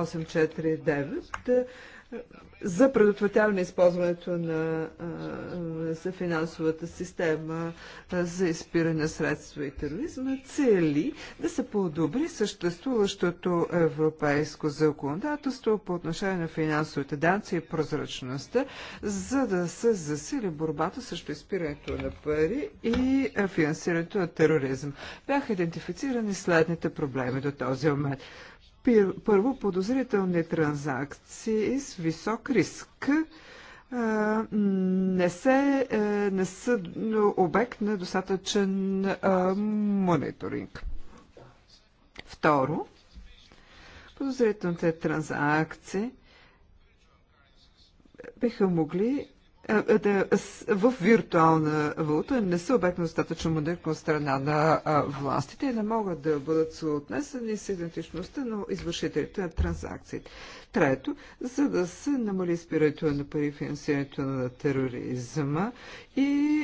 849 е, за предотвратяване използването на, е, е, за финансовата система за изпиране на средства и тероризма цели да се подобри съществуващото европейско законодателство по отношение на финансовите данци и прозрачността, за да се засили борбата срещу изпирането на пари и финансирането на тероризъм. Бяха идентифицирани следните проблеми до този момент първо подозрителни транзакции с висок риск не, се, е, не са обект на достатъчен мониторинг. Второ, подозрителните транзакции биха могли е, е, в виртуална валута не са обект на достатъчно модерна страна на властите и не могат да бъдат съотнесени с идентичността на извършителите на транзакциите. Трето, за да се намали спирането на пари финансирането на тероризма и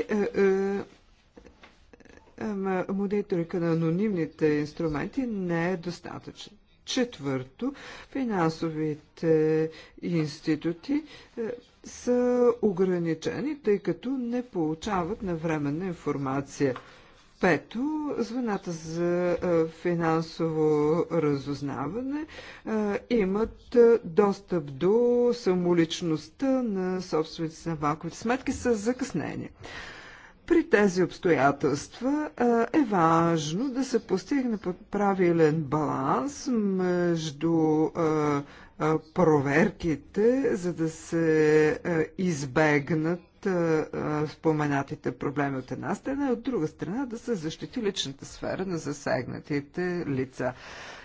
е, мониторика на анонимните инструменти не е достатъчен. Четвърто, финансовите институти са ограничени, тъй като не получават навременна информация. Пето, звената за финансово разузнаване имат достъп до самоличността на собствениците на банковите сметки с закъснение. При тези обстоятелства е важно да се постигне правилен баланс между проверките, за да се избегнат споменатите проблеми от една страна и от друга страна да се защити личната сфера на засегнатите лица.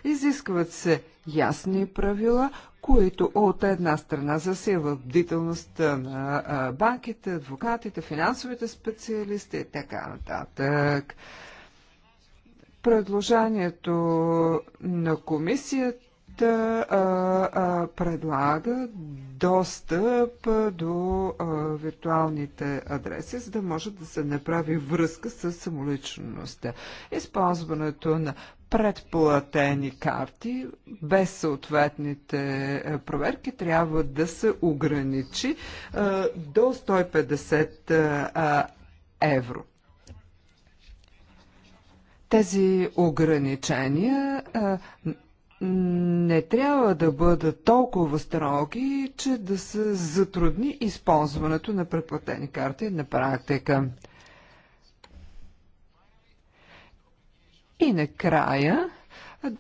Изискват се ясни правила, които от една страна засилват бдителността на банките, адвокатите, финансовите специалисти и така нататък. Предложението на комисията а, а, предлага достъп до а, виртуалните адреси, за да може да се направи връзка с самоличността. Използването на предплатени карти без съответните проверки трябва да се ограничи а, до 150 а, евро. Тези ограничения а, не трябва да бъдат толкова строги, че да се затрудни използването на преплатени карти на практика. И накрая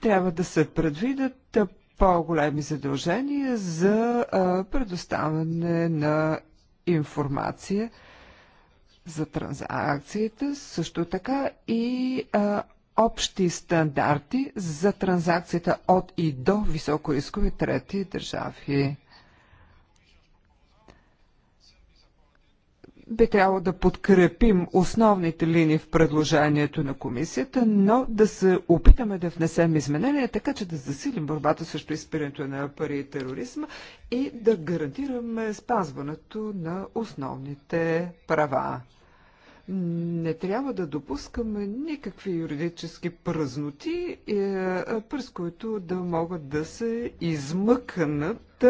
трябва да се предвидят по-големи задължения за предоставяне на информация за транзакциите, също така и а, общи стандарти за транзакцията от и до високорискови трети държави. би трябвало да подкрепим основните линии в предложението на комисията, но да се опитаме да внесем изменения, така че да засилим борбата срещу изпирането на пари и тероризма и да гарантираме спазването на основните права. Не трябва да допускаме никакви юридически празноти, е, през които да могат да се измъкнат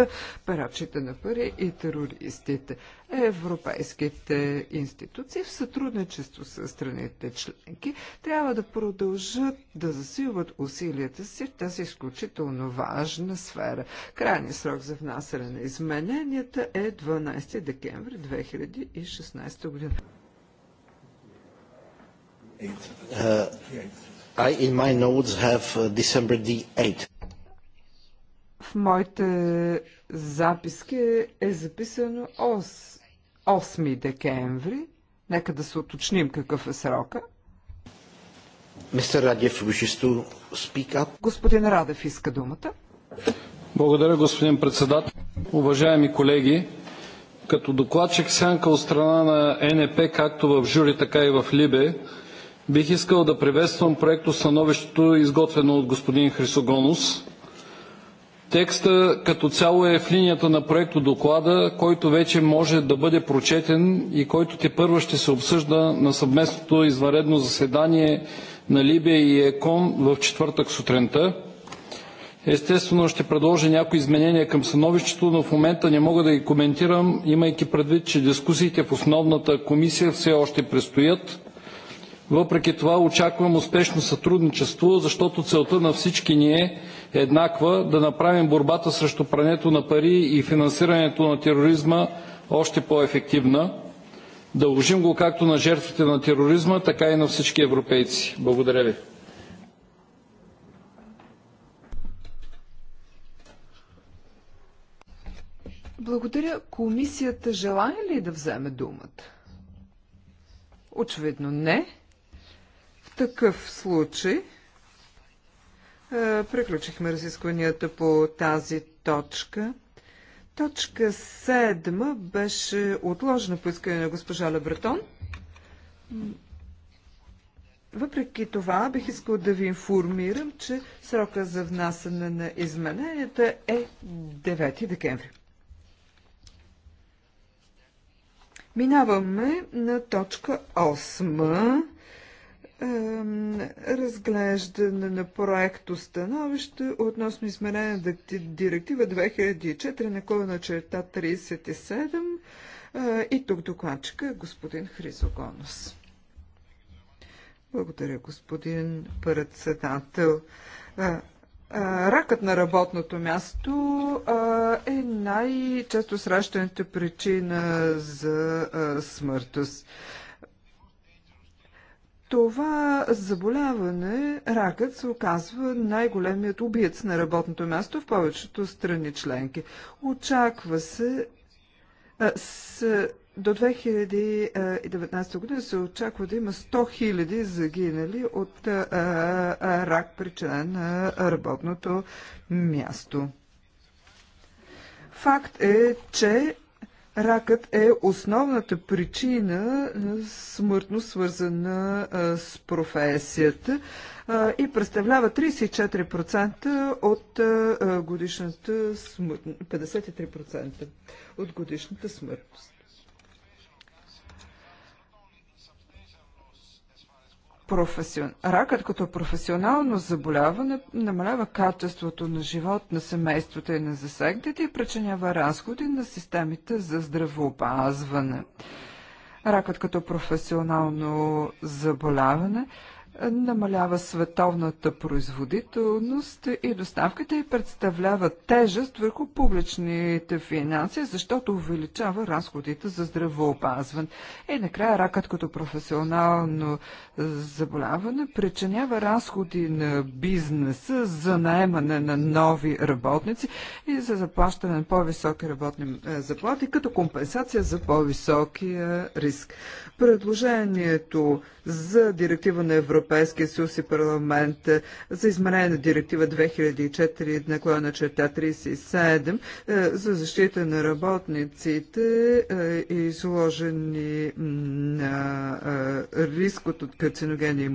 парачите на пари и терористите. Европейските институции в сътрудничество с страните членки трябва да продължат да засилват усилията си в тази изключително важна сфера. Крайният срок за внасяне на измененията е 12 декември 2016 година. Uh, I in my notes have uh, December the 8th. В моите записки е записано 8, 8 декември. Нека да се уточним какъв е срока. Мистер Радев, Господин Радев иска думата. Благодаря, господин председател. Уважаеми колеги, като докладчик сянка от страна на НП, както в жюри, така и в Либе, Бих искал да приветствам проекто становището, изготвено от господин Хрисогонус. Текста като цяло е в линията на проекто доклада, който вече може да бъде прочетен и който те първо ще се обсъжда на съвместното изваредно заседание на Либия и ЕКОН в четвъртък сутринта. Естествено ще предложа някои изменения към становището, но в момента не мога да ги коментирам, имайки предвид, че дискусиите в основната комисия все още предстоят въпреки това очаквам успешно сътрудничество, защото целта на всички ни е еднаква да направим борбата срещу прането на пари и финансирането на тероризма още по-ефективна. Дължим го както на жертвите на тероризма, така и на всички европейци. Благодаря ви. Благодаря. Комисията желая ли да вземе думата? Очевидно не такъв случай е, приключихме разискванията по тази точка. Точка 7 беше отложена по искане на госпожа Лебретон. Въпреки това, бих искал да ви информирам, че срока за внасяне на измененията е 9 декември. Минаваме на точка 8 разглеждане на проекто становище относно изменение на директива 2004 на наклона на черта 37 е, и тук докладчика е господин Хризогонос. Благодаря, господин председател. Е, е, ракът на работното място е най-често срещаната причина за смъртност това заболяване, ракът, се оказва най-големият убиец на работното място в повечето страни членки. Очаква се а, с, до 2019 година се очаква да има 100 хиляди загинали от а, а, рак, причинен на работното място. Факт е, че Ракът е основната причина на смъртно свързана с професията и представлява 34% от годишната смъртност, 53% от годишната смъртност. професион... ракът като професионално заболяване намалява качеството на живот на семейството и на засегнатите и причинява разходи на системите за здравоопазване. Ракът като професионално заболяване намалява световната производителност и доставките и представлява тежест върху публичните финанси, защото увеличава разходите за здравоопазване. И накрая ракът като професионално заболяване причинява разходи на бизнеса за наемане на нови работници и за заплащане на по-високи работни е, заплати като компенсация за по-високия риск. Предложението за директива на Европа Европейския съюз и парламент за изменение на директива 2004 наклона черта 37 за защита на работниците е, изложени на е, риск от карциногени и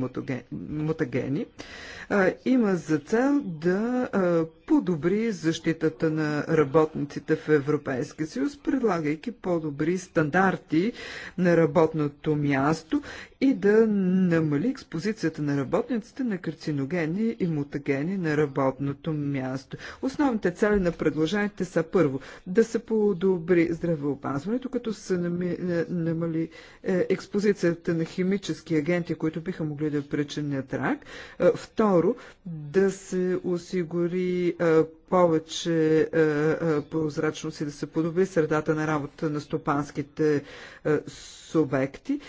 мутагени има за цел да подобри защитата на работниците в Европейския съюз, предлагайки по-добри стандарти на работното място и да намали експозицията на работниците на карциногени и мутагени на работното място. Основните цели на предложенията са първо да се подобри здравеопазването, като се е, намали е, експозицията на химически агенти, които биха могли да причинят рак. Второ, Второ, да се осигури повече прозрачност и да се подобри средата на работа на стопанските субекти,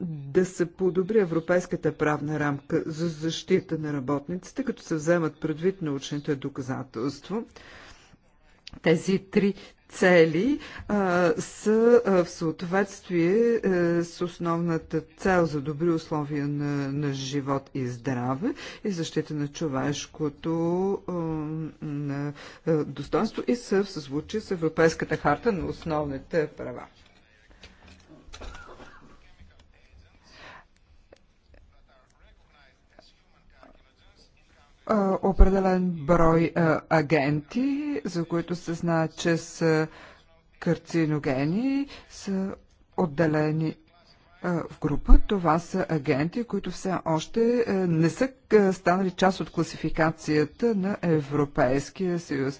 да се подобри европейската правна рамка за защита на работниците, като се вземат предвид научните доказателства. Тези три цели а, са а, в съответствие а, с основната цел за добри условия на, на живот и здраве и защита на човешкото а, на, а, достоинство и са в съзвучие с Европейската харта на основните права. определен брой агенти, за които се знае, че са карциногени, са отделени в група. Това са агенти, които все още не са станали част от класификацията на Европейския съюз.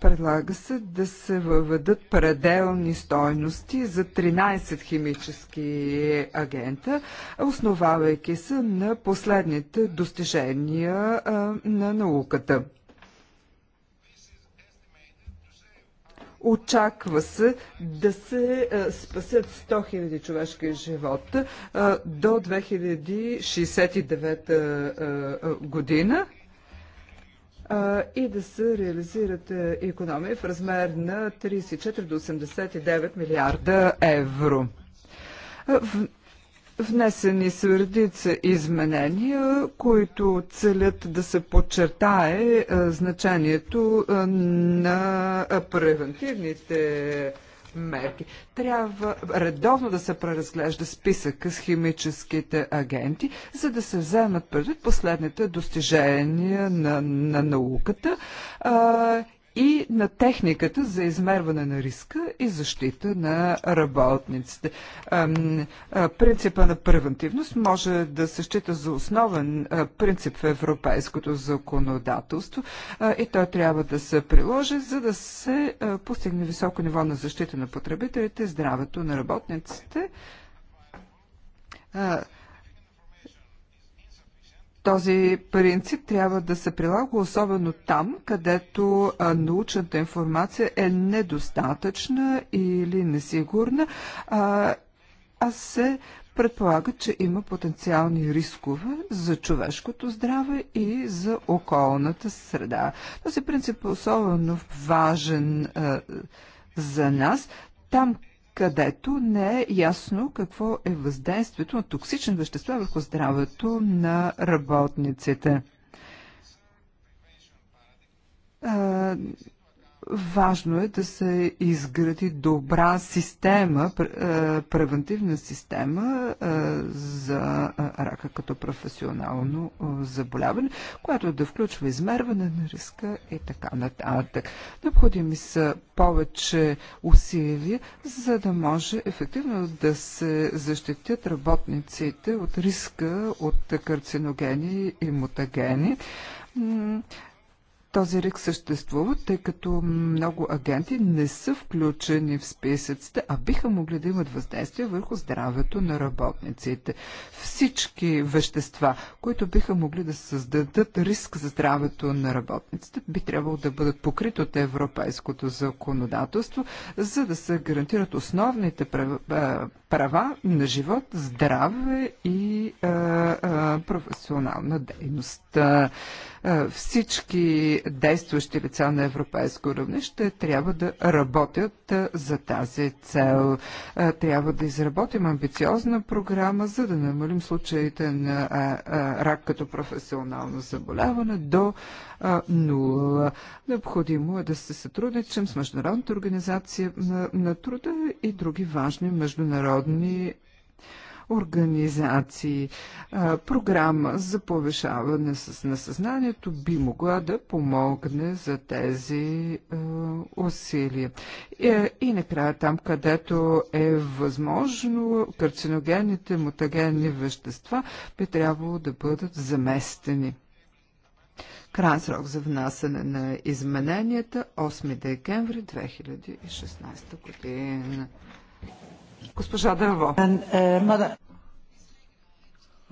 Предлага се да се въведат пределни стойности за 13 химически агента, основавайки се на последните достижения на науката. Очаква се да се спасят 100 000 човешки живота до 2069 година и да се реализират економии в размер на 34 до 89 милиарда евро. Внесени са редица изменения, които целят да се подчертае е, значението е, на е, превентивните мерки. Трябва редовно да се преразглежда списъка с химическите агенти, за да се вземат предвид последните достижения на, на науката а, и на техниката за измерване на риска и защита на работниците. Принципа на превентивност може да се счита за основен принцип в европейското законодателство и той трябва да се приложи, за да се постигне високо ниво на защита на потребителите, здравето на работниците. Този принцип трябва да се прилага особено там, където научната информация е недостатъчна или несигурна, а, а се предполага, че има потенциални рискове за човешкото здраве и за околната среда. Този принцип е особено важен а, за нас, там, където не е ясно какво е въздействието на токсични вещества върху здравето на работниците. Важно е да се изгради добра система, е, превентивна система е, за е, рака като професионално заболяване, която да включва измерване на риска и така нататък. Необходими са повече усилия, за да може ефективно да се защитят работниците от риска от карциногени и мутагени този риск съществува, тъй като много агенти не са включени в списъците, а биха могли да имат въздействие върху здравето на работниците. Всички вещества, които биха могли да създадат риск за здравето на работниците, би трябвало да бъдат покрити от европейското законодателство, за да се гарантират основните права на живот, здраве и а, а, професионална дейност. Всички действащи лица на европейско равнище трябва да работят за тази цел. Трябва да изработим амбициозна програма, за да намалим случаите на рак като професионално заболяване до нула. Необходимо е да се сътрудничим с Международната организация на, на труда и други важни международни организации. Програма за повишаване на съзнанието би могла да помогне за тези усилия. И, накрая там, където е възможно, карциногенните, мутагенни вещества би трябвало да бъдат заместени. Крайен срок за внасене на измененията 8 декември 2016 година. Госпожа Дърво.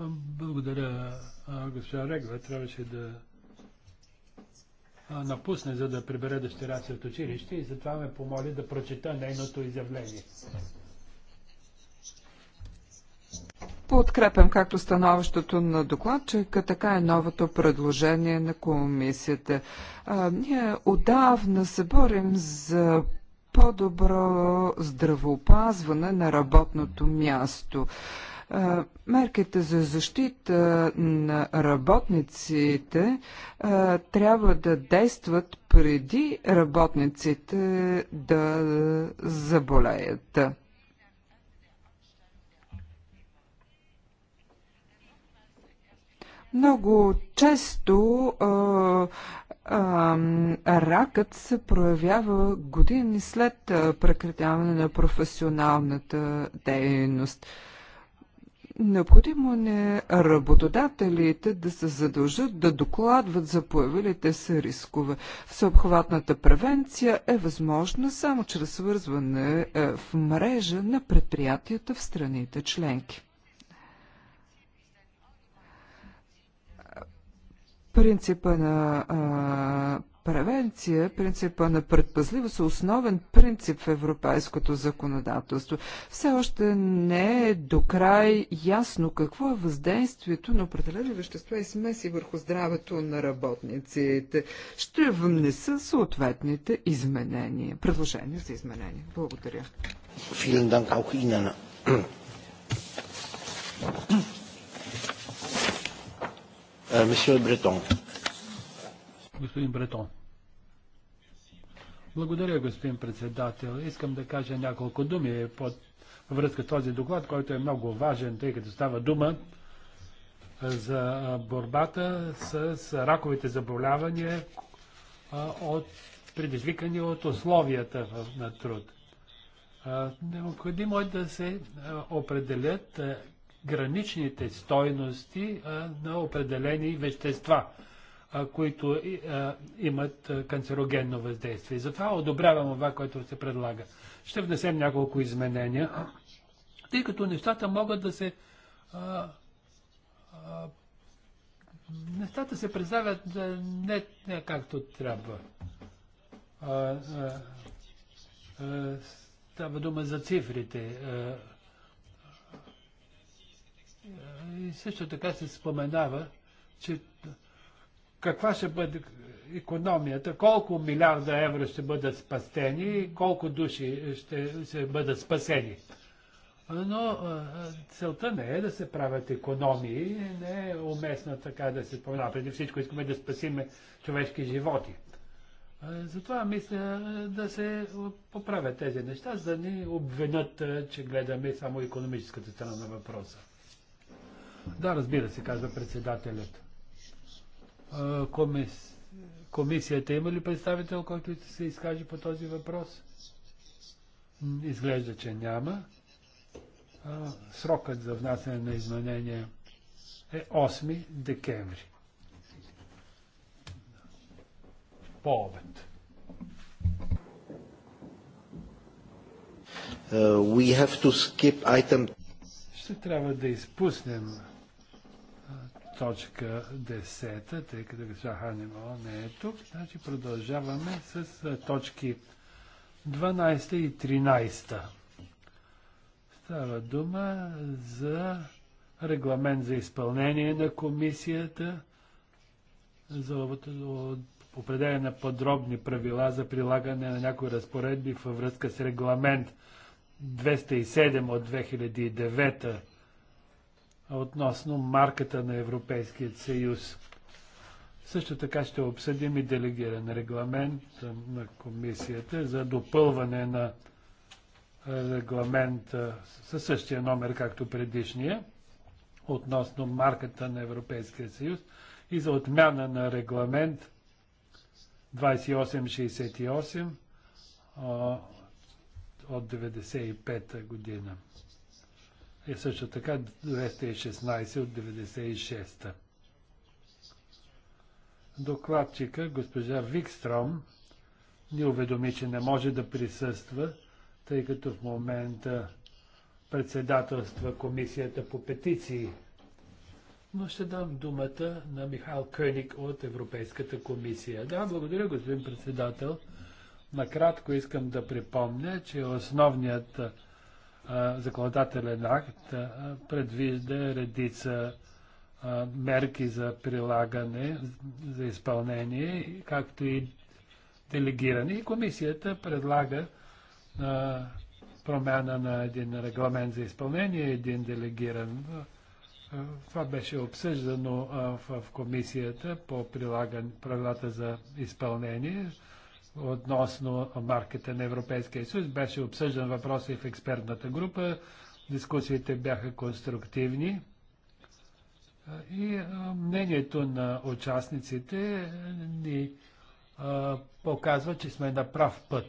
Благодаря, госпожа Регва. Трябваше да напусне, за да прибере дъщеря си от училище и затова ме помоли да прочета нейното изявление. Подкрепям както становището на докладчика, така и новото предложение на комисията. А, ние отдавна се борим за по-добро здравоопазване на работното място. Мерките за защита на работниците трябва да действат преди работниците да заболеят. Много често а, а, ракът се проявява години след прекратяване на професионалната дейност. Необходимо не работодателите да се задължат да докладват за появилите се рискове. Всеобхватната превенция е възможна само чрез свързване е, в мрежа на предприятията в страните членки. Принципа на а, превенция, принципа на предпазливост е основен принцип в европейското законодателство. Все още не е до край ясно какво е въздействието на определени вещества и смеси върху здравето на работниците. Ще внеса съответните изменения, предложения за изменения. Благодаря. Vielen Dank Бретон. Euh, господин Бретон. Благодаря, господин председател. Искам да кажа няколко думи под връзка с този доклад, който е много важен, тъй като става дума за борбата с раковите заболявания, от, предизвикани от условията на труд. Необходимо е да се определят граничните стойности на определени вещества, които имат канцерогенно въздействие. Затова одобрявам това, което се предлага. Ще внесем няколко изменения, тъй като нещата могат да се. нещата се представят не, не както трябва. А, а, а, става дума за цифрите. А, и също така се споменава, че каква ще бъде економията, колко милиарда евро ще бъдат спастени и колко души ще, ще бъдат спасени. Но целта не е да се правят економии, не е уместно така да се спомена. Преди всичко искаме да спасиме човешки животи. Затова мисля да се поправят тези неща, за да ни обвинят, че гледаме само економическата страна на въпроса. Да, разбира се, казва председателят. Комисията има ли представител, който се изкаже по този въпрос? Изглежда, че няма. Срокът за внасяне на изменения е 8 декември. По обед. Uh, we have to skip item. Ще трябва да изпуснем точка 10, тъй като госпожа Ханема не е тук. Значи продължаваме с точки 12 и 13. Става дума за регламент за изпълнение на комисията за определяне на подробни правила за прилагане на някои разпоредби във връзка с регламент 207 от 2009 относно марката на Европейския съюз. Също така ще обсъдим и делегиран регламент на комисията за допълване на регламент със същия номер, както предишния, относно марката на Европейския съюз и за отмяна на регламент 2868 от 1995 година е също така 216 от 96-та. Докладчика госпожа Викстром ни уведоми, че не може да присъства, тъй като в момента председателства комисията по петиции. Но ще дам думата на Михайл Къник от Европейската комисия. Да, благодаря, господин председател. Накратко искам да припомня, че основният законодателен акт предвижда редица мерки за прилагане, за изпълнение, както и делегиране. И комисията предлага промяна на един регламент за изпълнение, един делегиран. Това беше обсъждано в, в комисията по прилагане правилата за изпълнение относно марката на Европейския съюз. Беше обсъждан въпрос и в експертната група. Дискусиите бяха конструктивни. И мнението на участниците ни показва, че сме на прав път.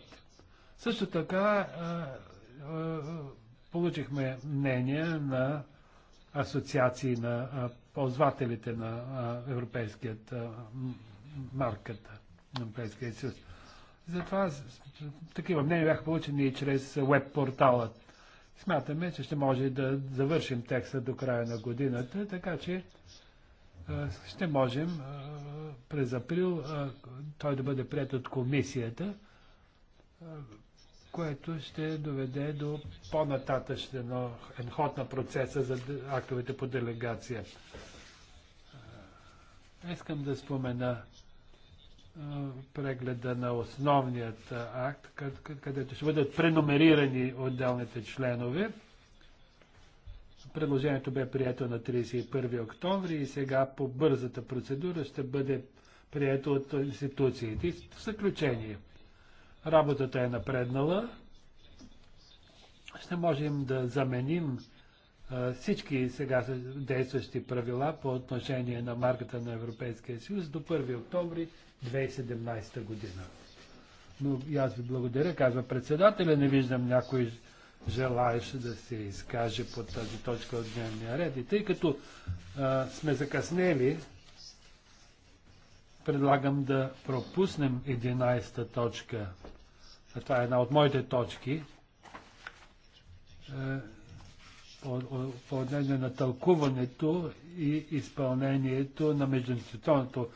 Също така получихме мнение на асоциации на ползвателите на европейският марката, Европейския съюз. Затова такива мнения бяха получени и чрез веб портала. Смятаме, че ще може да завършим текста до края на годината, така че ще можем през април той да бъде прият от комисията, което ще доведе до по-нататъчен ход на процеса за актовете по делегация. Искам да спомена прегледа на основният акт, където ще бъдат преномерирани отделните членове. Предложението бе прието на 31 октомври и сега по бързата процедура ще бъде прието от институциите. В заключение, работата е напреднала. Ще можем да заменим всички сега действащи правила по отношение на марката на Европейския съюз до 1 октомври 2017 година. Но и аз ви благодаря, казва председателя. Не виждам някой желаеш да се изкаже по тази точка от дневния ред. И тъй като а, сме закъснели, предлагам да пропуснем 11-та точка. Това е една от моите точки. А, отделение на тълкуването и изпълнението на междуинституционното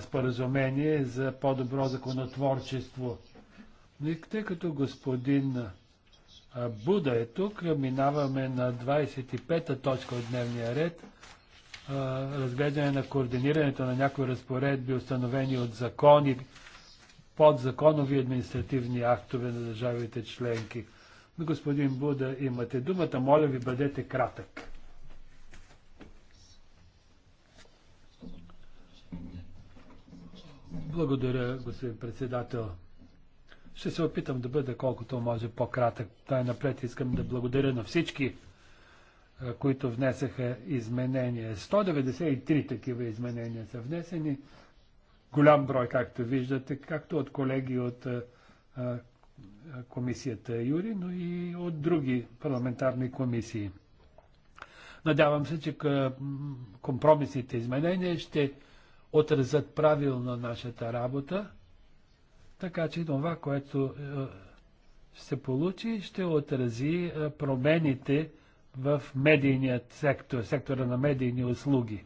споразумение за по-добро законотворчество. И тъй като господин Буда е тук, минаваме на 25-та точка от дневния ред разглеждане на координирането на някои разпоредби, установени от закони, подзаконови административни актове на държавите членки – Господин Буда, имате думата. Моля ви, бъдете кратък. Благодаря, господин председател. Ще се опитам да бъда колкото може по-кратък. Тай напред искам да благодаря на всички, които внесаха изменения. 193 такива изменения са внесени. Голям брой, както виждате, както от колеги от комисията Юри, но и от други парламентарни комисии. Надявам се, че компромисните изменения ще отразят правилно нашата работа, така че това, което е, се получи, ще отрази е, промените в медийният сектор, сектора на медийни услуги.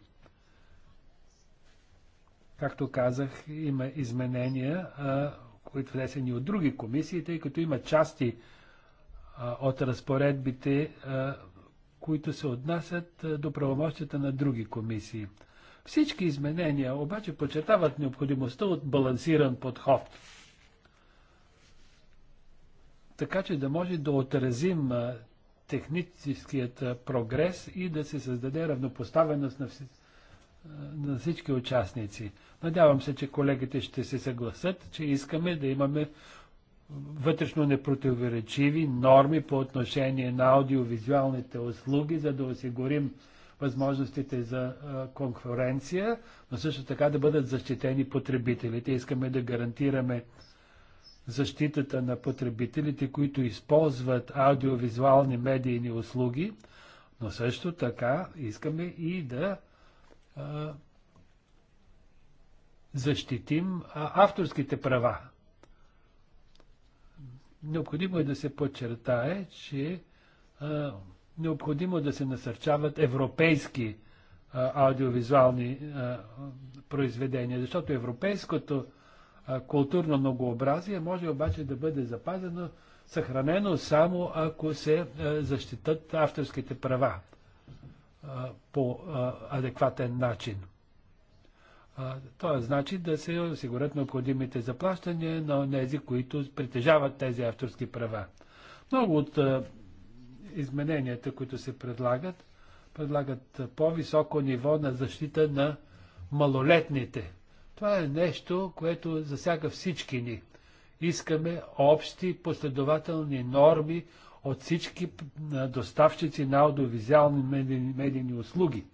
Както казах, има изменения е, които внесени от други комисии, тъй като има части а, от разпоредбите, а, които се отнасят а, до правомощията на други комисии. Всички изменения обаче подчертават необходимостта от балансиран подход. Така че да може да отразим техническият прогрес и да се създаде равнопоставеност на на всички участници. Надявам се, че колегите ще се съгласат, че искаме да имаме вътрешно непротиворечиви норми по отношение на аудиовизуалните услуги, за да осигурим възможностите за конкуренция, но също така да бъдат защитени потребителите. Искаме да гарантираме защитата на потребителите, които използват аудиовизуални медийни услуги, но също така искаме и да защитим авторските права. Необходимо е да се подчертае, че необходимо е да се насърчават европейски аудиовизуални произведения, защото европейското културно многообразие може обаче да бъде запазено, съхранено само ако се защитат авторските права по адекватен начин. Това значи да се осигурят необходимите заплащания на тези, които притежават тези авторски права. Много от измененията, които се предлагат, предлагат по-високо ниво на защита на малолетните. Това е нещо, което засяга всички ни. Искаме общи последователни норми, от всички доставчици на аудиовизуални медийни услуги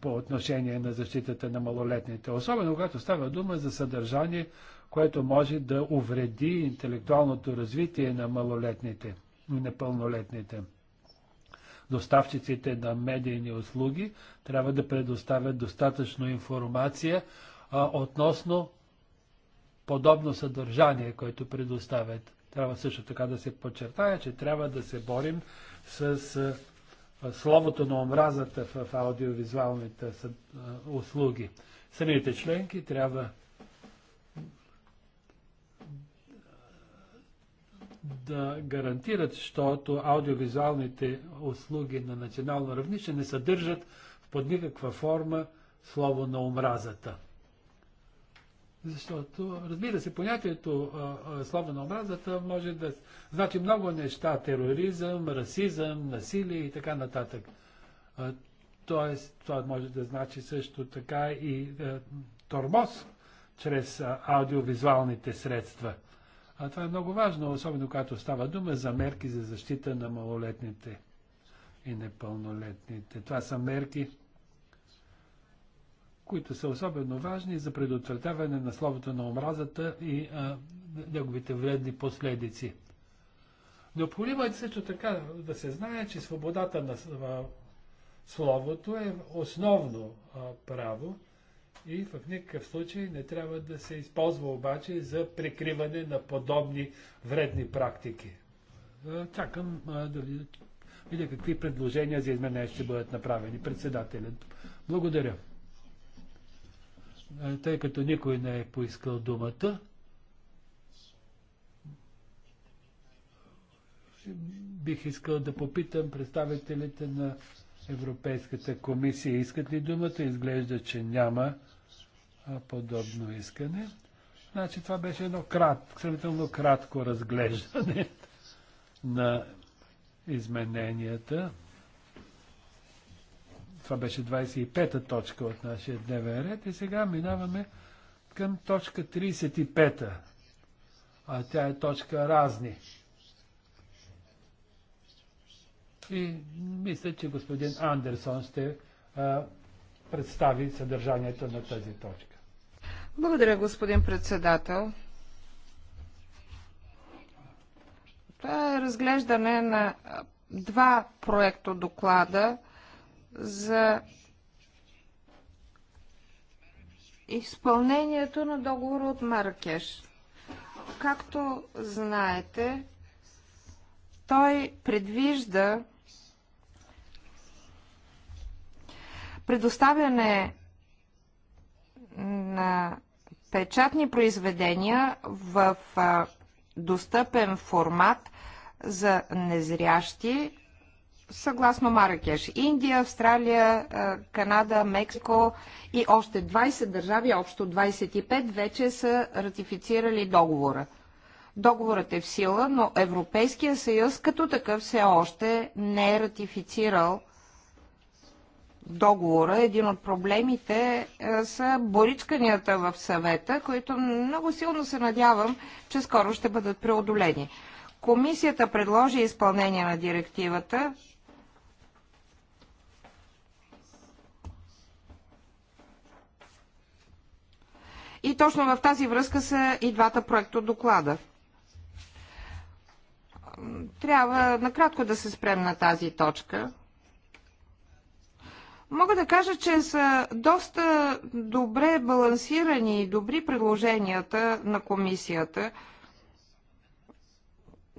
по отношение на защитата на малолетните. Особено когато става дума за съдържание, което може да увреди интелектуалното развитие на малолетните и непълнолетните. Доставчиците на медийни услуги трябва да предоставят достатъчно информация а, относно подобно съдържание, което предоставят. Трябва също така да се подчертая, че трябва да се борим с словото на омразата в аудиовизуалните услуги. Самите членки трябва да гарантират, защото аудиовизуалните услуги на национално равнище не съдържат под никаква форма слово на омразата. Защото, разбира се, понятието а, слава на омразата може да значи много неща. Тероризъм, расизъм, насилие и така нататък. тоест, това може да значи също така и тормоз чрез аудиовизуалните средства. А това е много важно, особено когато става дума за мерки за защита на малолетните и непълнолетните. Това са мерки, които са особено важни за предотвратяване на словото на омразата и а, неговите вредни последици. Необходимо е също така да се знае, че свободата на а, словото е основно а, право и в никакъв случай не трябва да се използва обаче за прикриване на подобни вредни практики. А, чакам а, да видя какви предложения за изменения ще бъдат направени. Председателят. Благодаря тъй като никой не е поискал думата, бих искал да попитам представителите на Европейската комисия. Искат ли думата? Изглежда, че няма подобно искане. Значи това беше едно кратко, сравнително кратко разглеждане на измененията това беше 25-та точка от нашия дневен ред и сега минаваме към точка 35-та. А тя е точка разни. И мисля, че господин Андерсон ще а, представи съдържанието на тази точка. Благодаря, господин председател. Това е разглеждане на два проекто доклада за изпълнението на договора от Маракеш. Както знаете, той предвижда предоставяне на печатни произведения в достъпен формат за незрящи съгласно Маракеш. Индия, Австралия, Канада, Мексико и още 20 държави, общо 25, вече са ратифицирали договора. Договорът е в сила, но Европейския съюз като такъв все още не е ратифицирал договора. Един от проблемите са боричканията в съвета, които много силно се надявам, че скоро ще бъдат преодолени. Комисията предложи изпълнение на директивата И точно в тази връзка са и двата проекта доклада. Трябва накратко да се спрем на тази точка. Мога да кажа, че са доста добре балансирани и добри предложенията на комисията.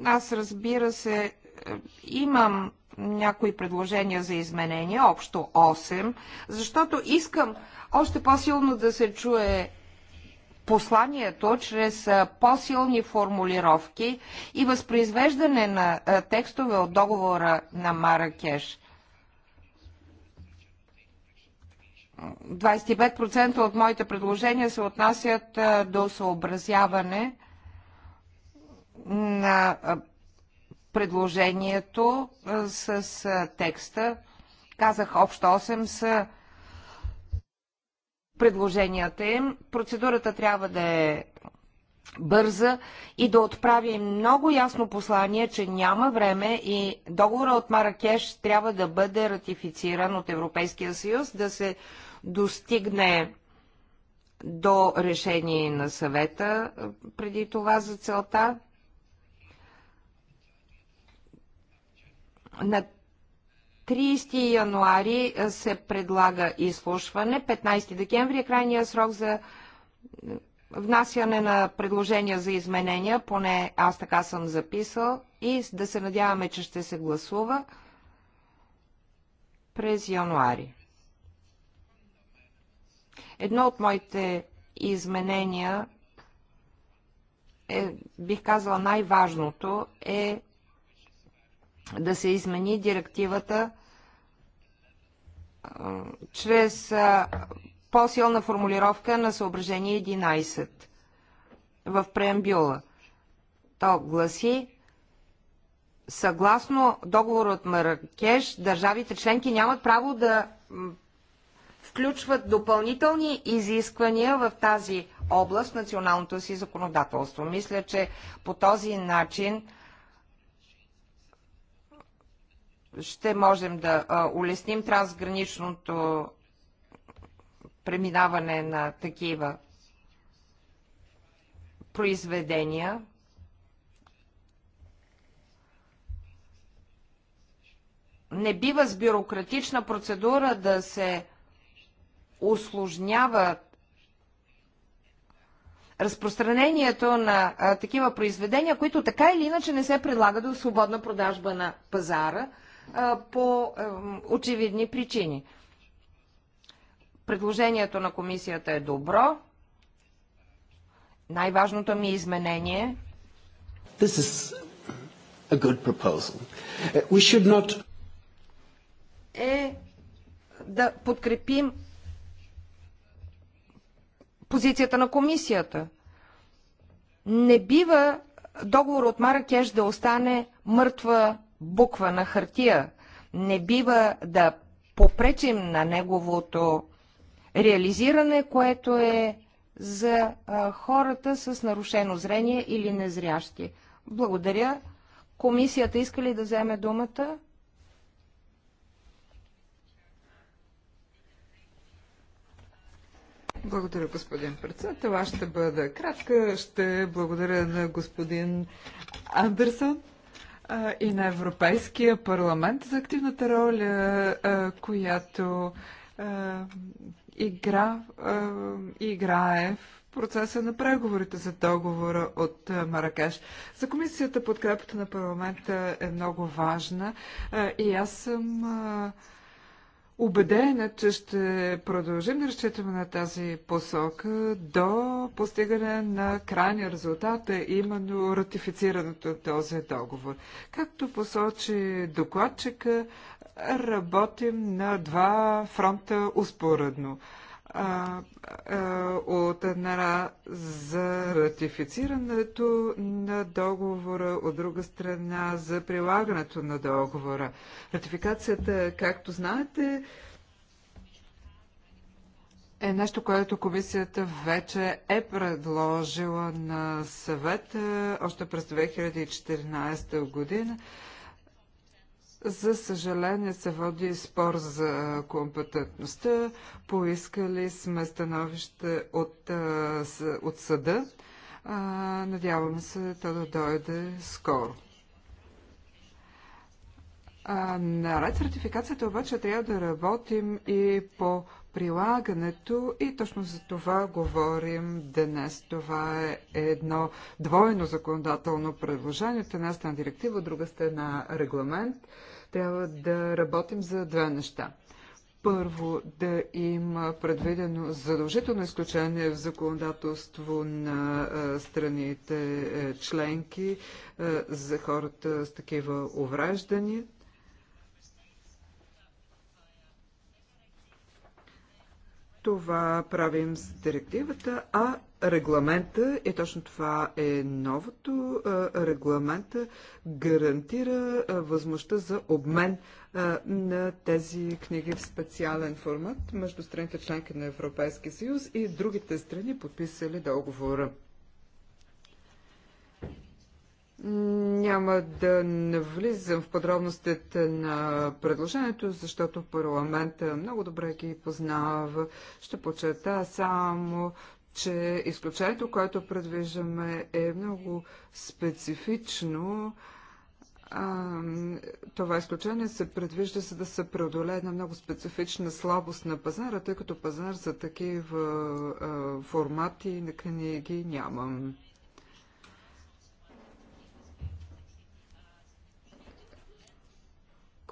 Аз разбира се, имам някои предложения за изменения, общо 8, защото искам още по-силно да се чуе посланието чрез по-силни формулировки и възпроизвеждане на текстове от договора на Маракеш. 25% от моите предложения се отнасят до съобразяване на предложението с текста. Казах, общо 8 са предложенията им. Процедурата трябва да е бърза и да отправи много ясно послание, че няма време и договора от Маракеш трябва да бъде ратифициран от Европейския съюз, да се достигне до решение на съвета преди това за целта. На 30 януари се предлага изслушване, 15 декември е крайния срок за внасяне на предложения за изменения, поне аз така съм записал, и да се надяваме, че ще се гласува през януари. Едно от моите изменения, е, бих казала най-важното, е да се измени директивата чрез по-силна формулировка на съображение 11 в преамбюла. То гласи, съгласно договор от Маракеш, държавите членки нямат право да включват допълнителни изисквания в тази област националното си законодателство. Мисля, че по този начин ще можем да улесним трансграничното преминаване на такива произведения. Не бива с бюрократична процедура да се усложнява разпространението на а, такива произведения, които така или иначе не се предлагат в свободна продажба на пазара, по очевидни причини. Предложението на комисията е добро. Най-важното ми изменение This is a good proposal. We should not... е да подкрепим позицията на комисията. Не бива договор от Маракеш да остане мъртва буква на хартия. Не бива да попречим на неговото реализиране, което е за а, хората с нарушено зрение или незрящи. Благодаря. Комисията иска ли да вземе думата? Благодаря, господин председател. Аз ще бъда кратка. Ще благодаря на господин Андерсон и на Европейския парламент за активната роля, която игра, играе в процеса на преговорите за договора от Маракеш. За комисията подкрепата на парламента е много важна и аз съм Убедена, че ще продължим да разчитаме на тази посока до постигане на крайния резултат, е именно ратифицирането на този договор. Както посочи докладчика, работим на два фронта успоредно а, а, от една за ратифицирането на договора, от друга страна за прилагането на договора. Ратификацията, както знаете, е нещо, което комисията вече е предложила на съвета още през 2014 година. За съжаление се води спор за компетентността. Поискали сме становище от, от съда. Надяваме се то да дойде скоро. Наред с ратификацията обаче трябва да работим и по прилагането и точно за това говорим днес. Това е едно двойно законодателно предложение. От една страна директива, от друга страна регламент. Трябва да работим за две неща първо да има предвидено задължително изключение в законодателство на страните е, членки за хората с такива увреждания. Това правим с директивата, а регламента, и точно това е новото, регламента гарантира възможността за обмен на тези книги в специален формат между страните членки на Европейския съюз и другите страни подписали договора. Няма да навлизам в подробностите на предложението, защото парламента много добре ги познава. Ще почета само, че изключението, което предвиждаме, е много специфично. А, това изключение се предвижда, за да се преодолее една много специфична слабост на пазара, тъй като пазар за такива а, формати на книги нямам.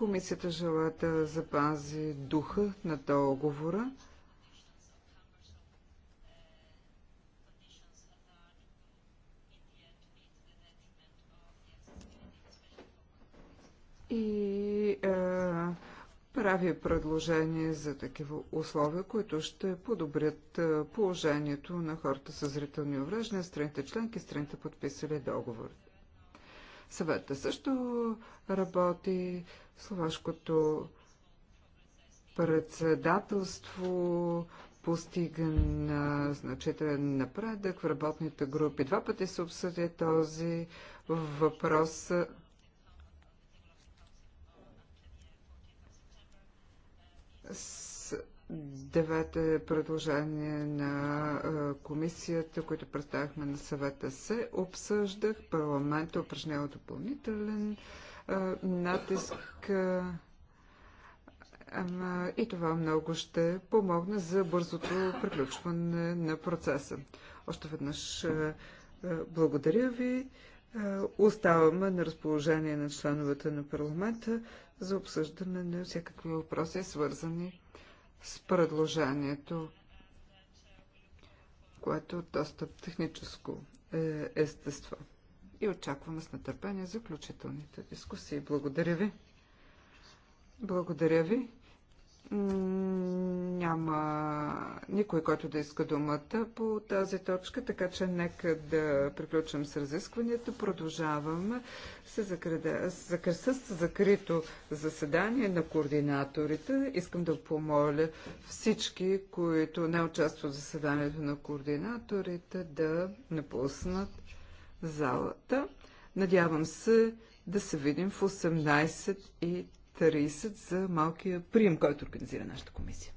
Комисията желая да запази духа на договора. И е, прави предложение за такива условия, които ще подобрят е, положението на хората с зрителни увреждания, страните членки, страните подписали договорите. Съвета също работи, словашкото председателство постига на значителен напредък в работните групи. Два пъти се обсъди този въпрос. С Девете предложения на комисията, които представихме на съвета, се обсъждах. Парламента упражнява допълнителен натиск. и това много ще помогне за бързото приключване на процеса. Още веднъж благодаря ви. Оставаме на разположение на членовете на парламента за обсъждане на всякакви въпроси, свързани с предложението, което е доста техническо е, естество. И очакваме с нетърпение заключителните дискусии. Благодаря ви. Благодаря ви. Няма никой, който да иска думата по тази точка, така че нека да приключим с разискването. Продължаваме с, с, закр... с закрито заседание на координаторите. Искам да помоля всички, които не участват в заседанието на координаторите, да напуснат залата. Надявам се да се видим в 18.30. 30 за малкия прием, който организира нашата комисия.